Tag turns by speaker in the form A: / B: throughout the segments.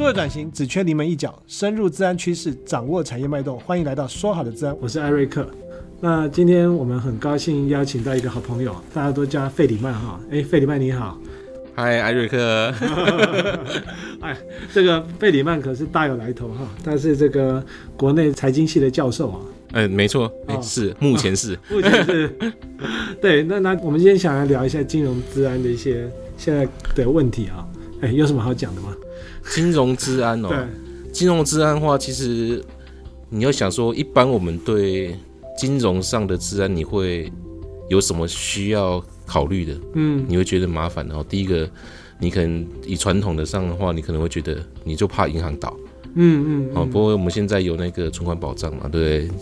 A: 做轉型只缺臨門一腳，深入資安趨勢，掌握產業脈動。歡迎來到說好的資安，我是艾瑞克。那今天我們很高興邀請到一個好朋友，大家都叫他費里曼哈。哎、欸，費里曼你好，
B: 嗨，艾瑞克。哎，
A: 這個費里曼可是大有來頭哈，他是這個國內財經系的教授啊。
B: 嗯，沒錯、欸，是目前是、哦哦、目前是
A: 對。那那我們今天想來聊一下金融資安的一些現在的問題啊，哎、欸，有什麼好講的嗎？
B: 金融資安哦，
A: 金融資安
B: 的話，其實你要想說，一般我們對金融上的資安，你會有什麼需要考慮的？嗯，你會覺得麻煩的哦。第一個，你可能以傳統的上的話，你可能會覺得你就怕銀行倒。嗯嗯，嗯。嗯嗯啊、不過我們現在有那個存款保障嘛，對不對，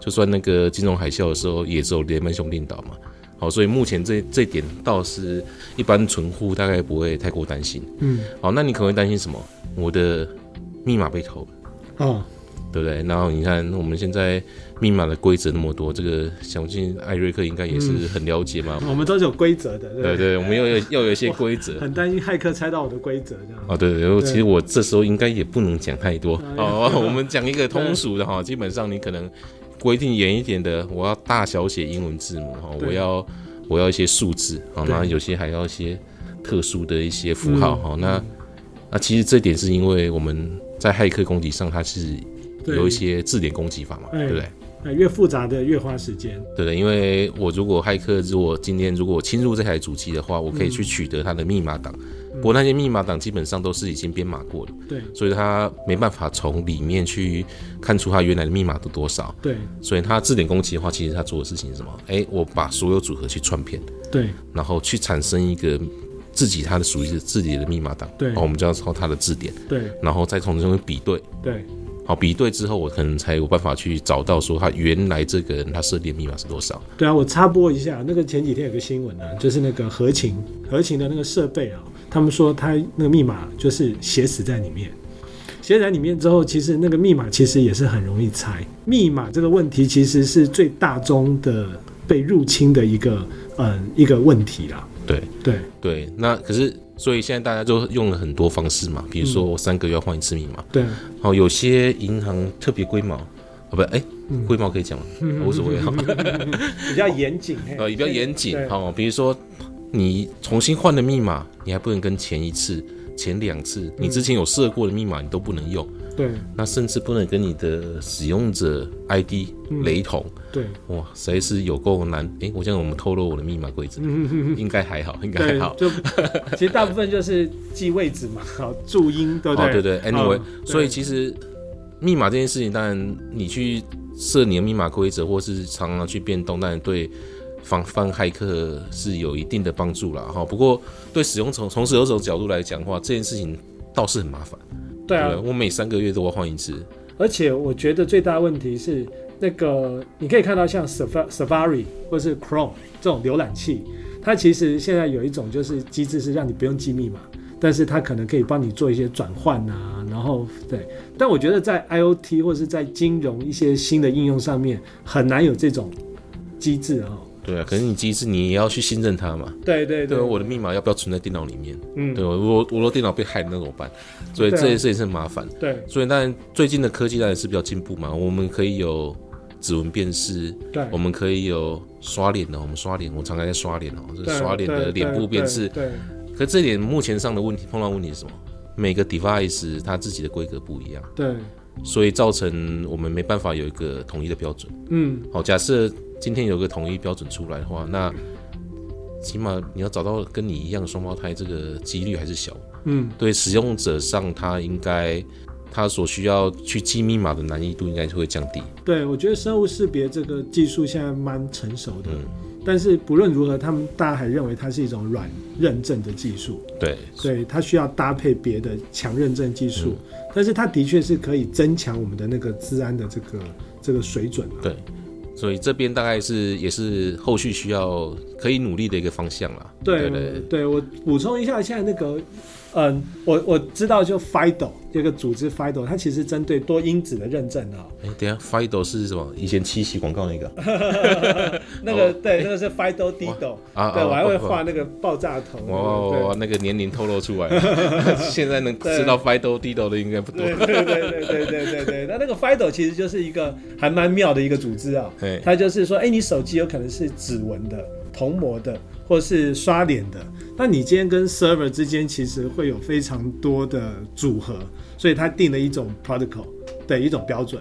B: 就算那個金融海嘯的時候，也只有雷曼兄弟倒嘛。好，所以目前這這點倒是，一般存戶大概不會太過擔心。嗯，好，那你可能會擔心什麼？我的密碼被偷，哦，對不對？然後你看我們現在密碼的規則那麼多，這個相信艾瑞克應該也是很了解嘛。嗯、我們都是有規則的。對對，我們又有規則對對對，我們要有，要有一些規
A: 則。很擔心駭客猜到我的規則
B: 這樣。哦對對，對，其實我這時候應該也不能講太多。哦、啊這個，我們講一個通俗的哈，基本上你可能。規定嚴一點的，我要大小寫英文字母哈，我要我要一些數字，然後有些還要一些特殊的一些符號哈，嗯。那那其實這點是因為我們在駭客攻擊上，它是有一些字典攻擊法嘛，對不對？對
A: 越複雜的越花時間。
B: 對的，因為我如果駭客，如果今天如果侵入這台主機的話，我可以去取得他的密碼檔，嗯。
A: 不過那些
B: 密碼檔基本上都是已經編碼過的，對，所以他沒辦法從裡面去看出他原來的密碼都多少。對，所以他字典攻擊的話，其實他做的事情是什麼？哎，我把所有組合去串片，對，然後去產生一個自己他的屬於自己的密碼檔，對，然後我們就要抄他的字典，對，然後再從中邊比對，對。好，比對之後，我可能才有辦法去找到說，他原來這個人他設定密碼是多
A: 少。對啊，我插播一下，那個前幾天有個新聞啊，就是那個合情合情的那個設備啊，他們說他那個密碼就是寫死在裡面，寫在裡面之後，其實那個密碼其實也是很容易猜。密碼這個問題其實是最大宗的被入侵的一個嗯一個問題啦。對對
B: 對，那可是。所以現在大家就用了很多方式嘛，比如說我三個月要換一次密碼、嗯。對，哦，有些銀行特別龜毛，哦，不，哎，龜毛可以講嗎、嗯？無、喔、所謂啊，
A: 比較
B: 嚴謹。呃，也比較嚴謹哈，比如說你重新換的密碼，你還不能跟前一次、前兩次你之前有設過的密碼，你都不能用。對，那甚至不能跟你的使用者 ID 雷同。嗯、對，哇，實在是有夠難。誒，我覺得我們透露我的密碼規則，嗯嗯嗯、應該還好，應該還好。
A: 就 其實大部分就是記位置嘛，哈，注音，對不對？哦、對對 a n y、anyway, w a y 所以其實
B: 密碼這件事情，當然你去設你的密碼規則，或是常常去變動，當然對防範駭客是有一定的幫助啦，哈、哦。不過對使用從從使用者角度來講的話，這件事情倒是很麻煩。對啊，對啊，我每三個月都要換一次。
A: 而且我覺得最大的問題是，那個你可以看到像 Safari 或是 Chrome 這種瀏覽器，它其實現在有一種就是機制是讓你不用記密碼，但是它可能可以幫你做一些轉換啊。然後對，但我覺得在 IoT 或是在金融一些新的應用上面，很難有這種機制啊、哦。
B: 對啊，可是你機制，你也要去信任它嘛。對對對，對我的密碼要不要存在電腦裡面？嗯，對，我我的電腦被害那怎麼辦？所以這些事情是很麻煩。對，對所以但最近的科技當然也是比較進步嘛，我們可以有指紋辨識，對，我們可以有刷臉的、哦，我們刷臉，我常常在刷臉哦，就是、這個、刷臉的臉部辨識。對，對對對對，可這點目前上的問題，碰到問題是什麼？每個 device 它自己的規格不一樣。對。所以造成我們沒辦法有一個統一的標準。嗯，好，假設今天有一個統一標準出來的話，那起碼你要找到跟你一樣雙胞胎，這個幾率還是小。嗯，對，使用者上他應該他所需要去記密碼的難易度應該就會降低。
A: 對，我覺得生物識別這個技術現在蠻成熟的，嗯，但是不論如何，他們大家還認為它是一種軟認證的技術。對，對，它需要搭配別的強認證技術。嗯但是它的確是可以增強我們的那個資安的這個這個水準，
B: 啊。對，所以這邊大概是也是後續需要可以努力的一個方向啦。
A: 對對，對對，對我補充一下，現在那個。嗯，我我知道，就 FIDO 這個組織 FIDO，它其實針對多因子的認證的。喔。
B: 哎，欸，等下，FIDO 是什麼？以前七喜廣告那個？
A: 那個、哦、對、欸，那個是 FIDO DIDO 啊，對，啊、我還會畫那個爆炸頭，哦、啊啊，那個
B: 年齡透露出來。 現在能知道 FIDO DIDO 的應該不多。 對對對對
A: 對對，那那個 FIDO 其實就是一個還蠻妙的一個組織啊、喔，他就是說，哎、欸，你手機有可能是指紋的、虹膜的。或是刷臉的，那你今天跟 server 之間其實會有非常多的組合，所以他定了一種 protocol，對，一種標準。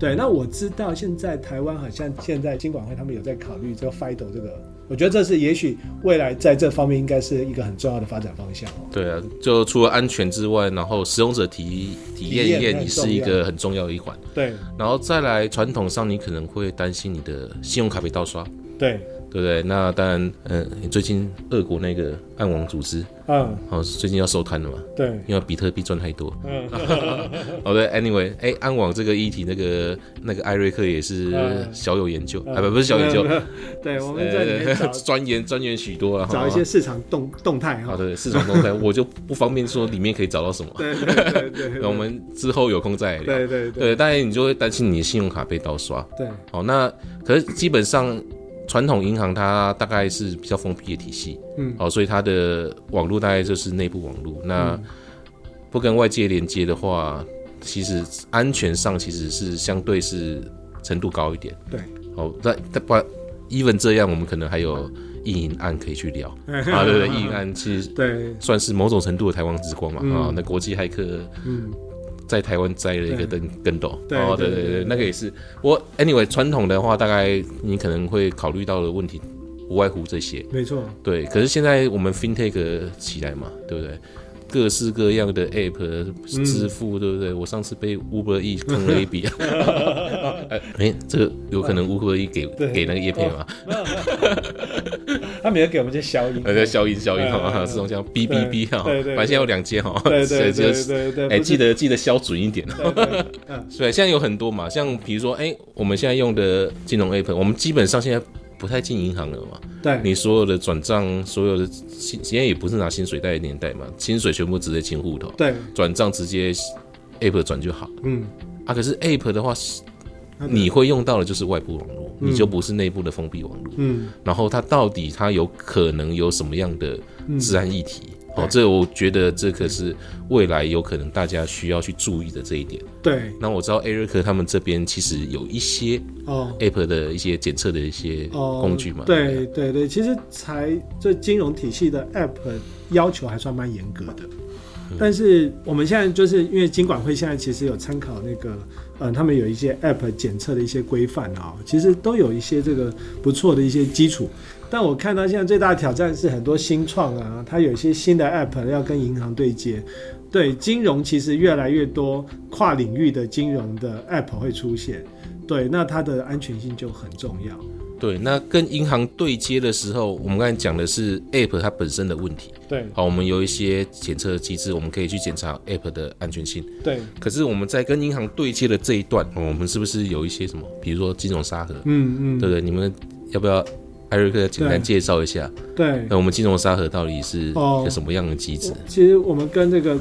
A: 對，那我知道現在台灣好像現在金管會他們有在考慮這個 FIDO 這個，我覺得這是也許未來在這方面應該是一個很重要的發展方向哦。
B: 對啊，就除了安全之外，然後使用者體體驗，體驗也是一個很重要的一環。對，然後再來傳統上你可能會擔心你的信用卡被盜刷。對。對不對？那當然，嗯、呃，最近俄國那個暗網組織，嗯好、哦，最近要收攤了嘛。對，因為比特幣賺太多。嗯， 好的。Anyway，哎，暗網這個議題，那個那個艾瑞克也是小有研究，啊、嗯、不、嗯、哎，不是小研究，不不不對、呃、對，我們這邊鑽研鑽研許多了，找一些市
A: 場動動態哈。好、哦、對市場動
B: 態， 我就不方便說裡面可以找到什麼。對對對，我們之後有空再聊。對對對、對、對、對、對、對，當然你就會擔心你的信用卡被盜刷。對，好，那可是基本上。傳統銀行它大概是比較封閉的體系，嗯、哦，所以它的網絡大概就是內部網絡，那不跟外界連接的話，其實安全上其實是相對是程度高一點，對，哦，那那不然，even 這樣，我們可能還有一銀案可以去聊、嗯、啊，對對，一銀案其實對算是某種程度的台灣之光嘛，啊，那國際黑客，嗯。在台灣栽了一個跟跟斗。對，對對對對，那個也是我。Anyway，傳統的話，大概你可能會考慮到的問題，不外乎這些，沒錯。對，可是現在我們 fintech 起來嘛，對不對？各式各樣的 app 支付，嗯、對不對？我上次被 Uber E 坑了一筆，哎，這個有可能 Uber E 給給那個業配嗎？
A: 他沒有給我們一些消、啊、消音，呃，叫消音消音，好嗎、啊？這種叫嗶嗶嗶哈。B, B, B, B, 對，反正現在有兩間哈。對對對對，哎，記得
B: 記得消準一點。哦。對，啊、現在有很多嘛，像比如說，哎、欸，我們現在用的金融 app，我們基本上現在不太進銀行了嘛。對，你所有的轉賬，所有的現現在也不是拿薪水袋的年代嘛，薪水全部直接進戶頭。對，轉賬直接 app 轉就好。嗯，啊，可是 app 的話，你會用到的就是外部網絡。你就不是內部的封閉網絡，嗯，嗯，然後它到底它有可能有什麼樣的資安議題？嗯、哦，這個、我覺得這可是未來有可能大家需要去注意的這一點。對，那我知道艾瑞克他們這邊其實有一些哦 App 的一些檢測的一些工具嘛。哦哦、對
A: 對對，其實才這金融體系的 App 要求還算蠻嚴格的。但是我們現在就是因為金管會現在其實有參考那個，呃，他們有一些 App 檢測的一些規範啊，其實都有一些這個不錯的一些基礎。但我看到現在最大的挑戰是很多新創啊，它有一些新的 App 要跟銀行對接，對，金融其實越來越多跨領域的金融的 App 會出現，對，那它的安全性就很重要。
B: 對，那跟銀行對接的時候，我們剛才講的是 App 它本身的問題。對，好、哦，我們有一些檢測機制，我們可以去檢查 App 的安全性。對，可是我們在跟銀行對接的這一段，哦、我們是不是有一些什麼？比如說金融沙盒，嗯嗯，對不對？你們要不要艾瑞克簡單介紹一下？對，那、呃、我們金融沙盒到底是一個什麼樣的機制？
A: 哦、其實我們跟這個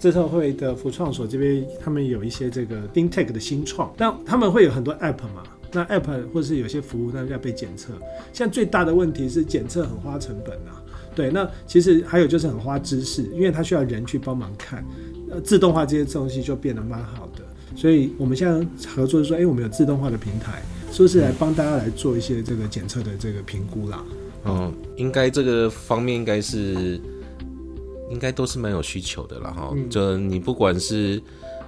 A: 資策會的服創所這邊，他們有一些這個 Ding Tech 的新創，但他們會有很多 App 嘛。那 app 或是有些服務，那要被檢測。現在最大的問題是檢測很花成本啊。對，那其實還有就是很花知識，因為它需要人去幫忙看。呃，自動化這些東西就變得蠻好的。所以我們現在合作說，哎、欸，我們有自動化的平台，說是，是來幫大家來做一些這個檢測的這個評估啦、啊。嗯，
B: 應該這個方面應該是，應該都是蠻有需求的了哈、嗯。就你不管是。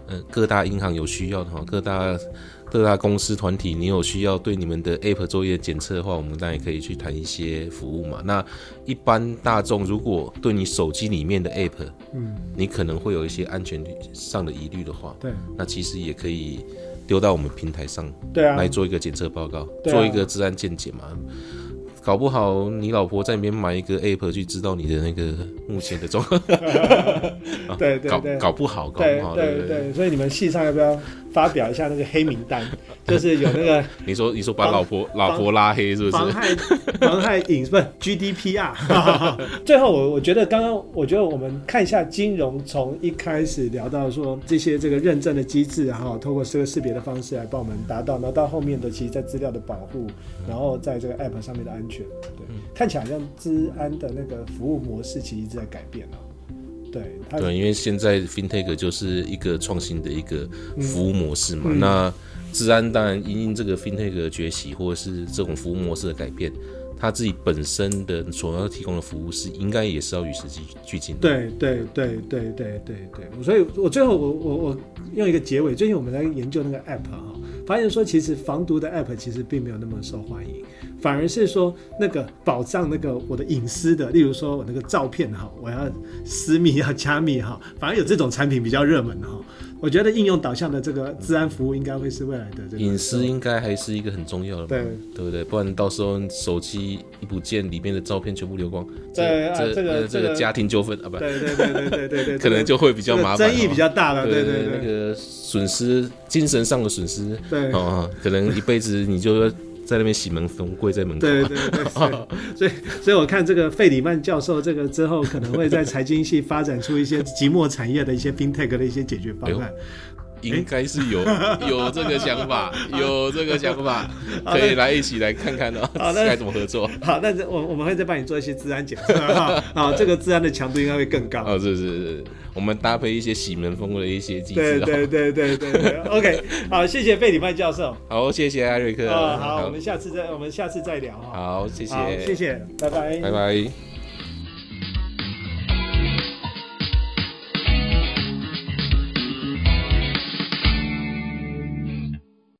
B: 嗯，各大銀行有需要的話，各大各大公司團體，你有需要對你們的 App 作業檢測的話，我們當然也可以去談一些服務嘛。那一般大眾如果對你手機裡面的 App，嗯，你可能會有一些安全上的疑慮的話，對，那其實也可以丟到我們平台上，對啊，來做一個檢測報告，對啊，做一個資安健檢嘛。搞不好你老婆在裡面買一個 app，去知道你的那個目前的狀況、 啊， 對對對，搞搞不好，搞不好，對對對，對，對，
A: 不對，所以你們戲上要不要？發表一下那個黑名單，
B: 就是有那個你說你說把老婆老婆拉黑是不是？
A: 妨害妨害隱不是 G D P R，GDPR, 最後我我覺得剛剛我覺得我們看一下金融從一開始聊到說這些這個認證的機制，然後通過這個識別的方式來幫我們達到，然後到後面的其實在資料的保護，然後在這個 App 上面的安全，對，看起來好像資安的那個服務模式其實一直在改變了。對對，因
B: 為現在 FinTech 就是一個創新的一個服務模式嘛，嗯、那資安當然因應這個 FinTech 的崛起，或者是這種服務模式的改變，他自己本身的所要提供的服務是應該也是要與時俱進的。
A: 對對對對對對對，所以我最後我我我用一個結尾，最近我們在研究那個 app 哈、哦，發現說其實防毒的 app 其實並沒有那麼受歡迎。反而是說那個保障，那個我的隱私的，例如說我那個照片哈，我要私密要加密哈，反而有這種產品比較熱門哈。我覺得應用導向的這個資安服務應該會是未來的。
B: 隱、這個、私應該還是一個很重要的對，對對不對？不然到時候手機一不見，裡面的照片全部流光，這、啊、這，這個這個家庭糾紛、這個這個、啊，不，對對對對對對，對， 可能就會比較麻煩，這個這個、爭議比較大了，對對，對，對，對，那個損失精神上的損失，對、哦、可能一輩子你就。在那邊洗門縫，跪在門口。對對對，對，
A: 所以，所以我看這個費里曼教授，這個之後可能會在財經系發展出一些即墨產業的一些 FinTech 的一些解決方案。哎應該是有、
B: 欸、有這個想法，有這個想法， 可以來一起來看看哦、喔，啊，該怎麼合作？
A: 好，那我我們會再幫你做一些資安檢測，哈、 啊，好，這個資安的強度應該會
B: 更高。 哦，是是是，我們搭配一些喜門風的一些機制，喔。對對對
A: 對對，對 ，OK，好，謝謝貝里曼教授，
B: 好，謝謝艾瑞克、哦好，好，我
A: 們下次再我們下次再聊，喔，
B: 哈，好，謝謝，好，謝謝，拜拜，拜拜。